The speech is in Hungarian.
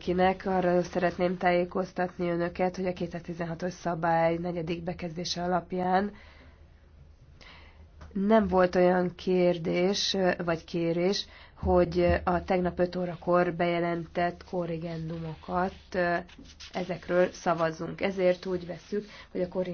Kinek arra szeretném tájékoztatni önöket, hogy a 2016-os szabály negyedik bekezdése alapján nem volt olyan kérdés, vagy kérés, hogy a tegnap 5 órakor bejelentett korrigendumokat eh, ezekről szavazzunk. Ezért úgy veszük, hogy a korrigendumokat